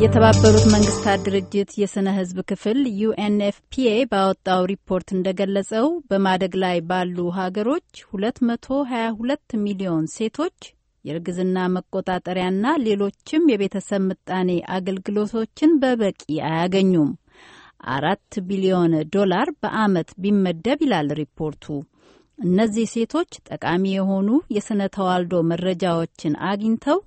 የተባበሩት መንግስታት ድርጅት የስነ ህዝብ ክፍል ዩኤንኤፍፒኤ ባወጣው ሪፖርት እንደገለጸው በማደግ ላይ ባሉ ሀገሮች 222 ሚሊዮን ሴቶች የእርግዝና መቆጣጠሪያና ሌሎችም የቤተሰብ ምጣኔ አገልግሎቶችን በበቂ አያገኙም። አራት ቢሊዮን ዶላር በአመት ቢመደብ ይላል ሪፖርቱ። እነዚህ ሴቶች ጠቃሚ የሆኑ የስነ ተዋልዶ መረጃዎችን አግኝተው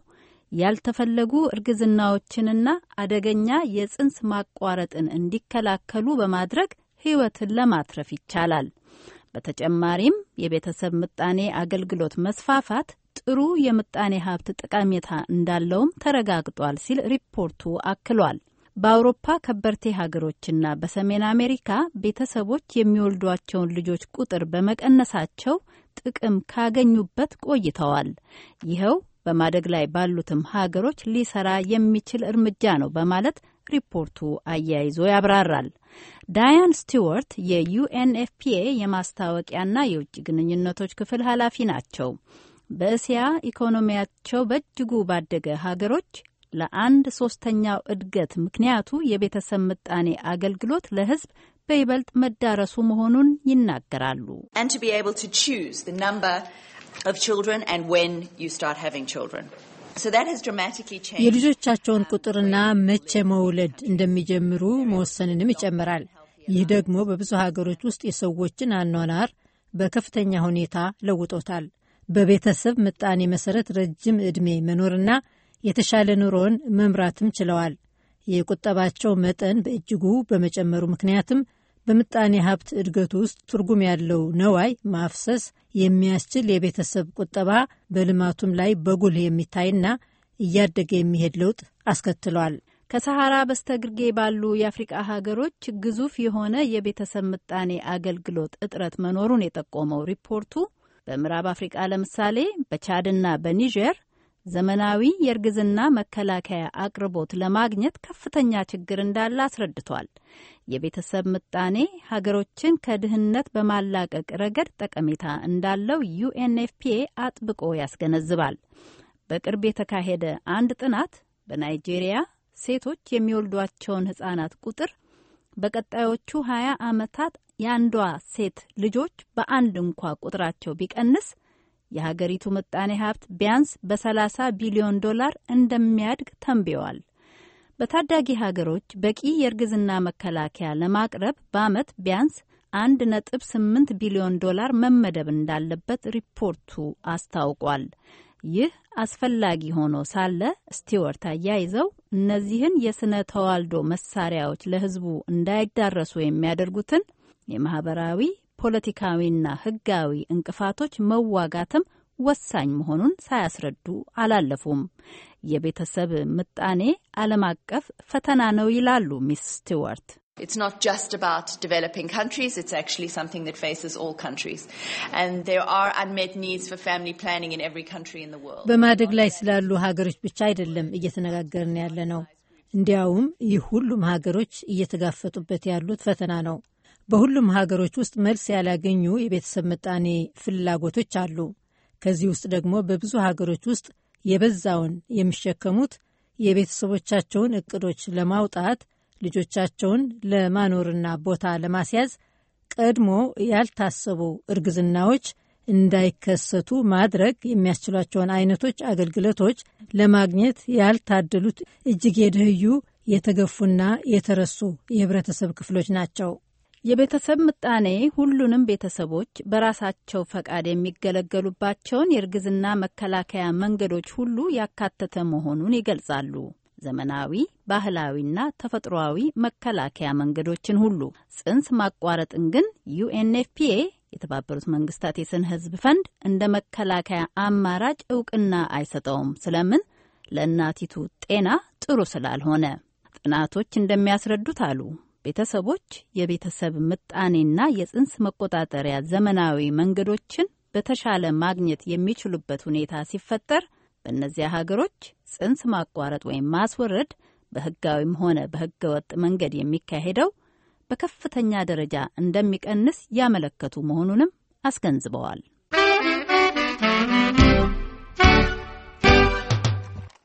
ያልተፈለጉ እርግዝናዎችንና አደገኛ የጽንስ ማቋረጥን እንዲከላከሉ በማድረግ ሕይወትን ለማትረፍ ይቻላል። በተጨማሪም የቤተሰብ ምጣኔ አገልግሎት መስፋፋት ጥሩ የምጣኔ ሀብት ጠቀሜታ እንዳለውም ተረጋግጧል ሲል ሪፖርቱ አክሏል። በአውሮፓ ከበርቴ ሀገሮችና በሰሜን አሜሪካ ቤተሰቦች የሚወልዷቸውን ልጆች ቁጥር በመቀነሳቸው ጥቅም ካገኙበት ቆይተዋል። ይኸው በማደግ ላይ ባሉትም ሀገሮች ሊሰራ የሚችል እርምጃ ነው በማለት ሪፖርቱ አያይዞ ያብራራል። ዳያን ስቲዋርት የዩኤንኤፍፒኤ የማስታወቂያና የውጭ ግንኙነቶች ክፍል ኃላፊ ናቸው። በእስያ ኢኮኖሚያቸው በእጅጉ ባደገ ሀገሮች ለአንድ ሶስተኛው እድገት ምክንያቱ የቤተሰብ ምጣኔ አገልግሎት ለሕዝብ በይበልጥ መዳረሱ መሆኑን ይናገራሉ። of children and when you start having children. የልጆቻቸውን ቁጥርና መቼ መውለድ እንደሚጀምሩ መወሰንንም ይጨምራል። ይህ ደግሞ በብዙ ሀገሮች ውስጥ የሰዎችን አኗኗር በከፍተኛ ሁኔታ ለውጦታል። በቤተሰብ ምጣኔ መሰረት ረጅም ዕድሜ መኖርና የተሻለ ኑሮን መምራትም ችለዋል። የቁጠባቸው መጠን በእጅጉ በመጨመሩ ምክንያትም በምጣኔ ሀብት እድገቱ ውስጥ ትርጉም ያለው ነዋይ ማፍሰስ የሚያስችል የቤተሰብ ቁጠባ በልማቱም ላይ በጉልህ የሚታይና እያደገ የሚሄድ ለውጥ አስከትሏል። ከሰሃራ በስተግርጌ ባሉ የአፍሪቃ ሀገሮች ግዙፍ የሆነ የቤተሰብ ምጣኔ አገልግሎት እጥረት መኖሩን የጠቆመው ሪፖርቱ በምዕራብ አፍሪቃ ለምሳሌ በቻድና በኒጀር ዘመናዊ የእርግዝና መከላከያ አቅርቦት ለማግኘት ከፍተኛ ችግር እንዳለ አስረድቷል። የቤተሰብ ምጣኔ ሀገሮችን ከድህነት በማላቀቅ ረገድ ጠቀሜታ እንዳለው ዩኤንኤፍፒኤ አጥብቆ ያስገነዝባል። በቅርብ የተካሄደ አንድ ጥናት በናይጄሪያ ሴቶች የሚወልዷቸውን ህጻናት ቁጥር በቀጣዮቹ 20 ዓመታት የአንዷ ሴት ልጆች በአንድ እንኳ ቁጥራቸው ቢቀንስ የሀገሪቱ ምጣኔ ሀብት ቢያንስ በ30 ቢሊዮን ዶላር እንደሚያድግ ተንብየዋል። በታዳጊ ሀገሮች በቂ የእርግዝና መከላከያ ለማቅረብ በአመት ቢያንስ 1.8 ቢሊዮን ዶላር መመደብ እንዳለበት ሪፖርቱ አስታውቋል። ይህ አስፈላጊ ሆኖ ሳለ ስቲወርት አያይዘው እነዚህን የሥነ ተዋልዶ መሳሪያዎች ለሕዝቡ እንዳይዳረሱ የሚያደርጉትን የማህበራዊ ፖለቲካዊና ህጋዊ እንቅፋቶች መዋጋትም ወሳኝ መሆኑን ሳያስረዱ አላለፉም። የቤተሰብ ምጣኔ አለም አቀፍ ፈተና ነው ይላሉ ሚስ ስቲዋርት። በማደግ ላይ ስላሉ ሀገሮች ብቻ አይደለም እየተነጋገርን ያለ ነው። እንዲያውም ይህ ሁሉም ሀገሮች እየተጋፈጡበት ያሉት ፈተና ነው። በሁሉም ሀገሮች ውስጥ መልስ ያላገኙ የቤተሰብ ምጣኔ ፍላጎቶች አሉ። ከዚህ ውስጥ ደግሞ በብዙ ሀገሮች ውስጥ የበዛውን የሚሸከሙት የቤተሰቦቻቸውን እቅዶች ለማውጣት ልጆቻቸውን ለማኖርና ቦታ ለማስያዝ ቀድሞ ያልታሰቡ እርግዝናዎች እንዳይከሰቱ ማድረግ የሚያስችሏቸውን አይነቶች አገልግሎቶች ለማግኘት ያልታደሉት እጅግ የደህዩ የተገፉና የተረሱ የህብረተሰብ ክፍሎች ናቸው። የቤተሰብ ምጣኔ ሁሉንም ቤተሰቦች በራሳቸው ፈቃድ የሚገለገሉባቸውን የእርግዝና መከላከያ መንገዶች ሁሉ ያካተተ መሆኑን ይገልጻሉ። ዘመናዊ፣ ባህላዊና ተፈጥሯዊ መከላከያ መንገዶችን ሁሉ። ጽንስ ማቋረጥን ግን ዩኤንኤፍፒኤ የተባበሩት መንግስታት የስነ ህዝብ ፈንድ እንደ መከላከያ አማራጭ እውቅና አይሰጠውም። ስለምን? ለእናቲቱ ጤና ጥሩ ስላልሆነ። ጥናቶች እንደሚያስረዱት አሉ ቤተሰቦች የቤተሰብ ምጣኔና የጽንስ መቆጣጠሪያ ዘመናዊ መንገዶችን በተሻለ ማግኘት የሚችሉበት ሁኔታ ሲፈጠር በእነዚያ ሀገሮች ጽንስ ማቋረጥ ወይም ማስወረድ በህጋዊም ሆነ በህገወጥ መንገድ የሚካሄደው በከፍተኛ ደረጃ እንደሚቀንስ ያመለከቱ መሆኑንም አስገንዝበዋል።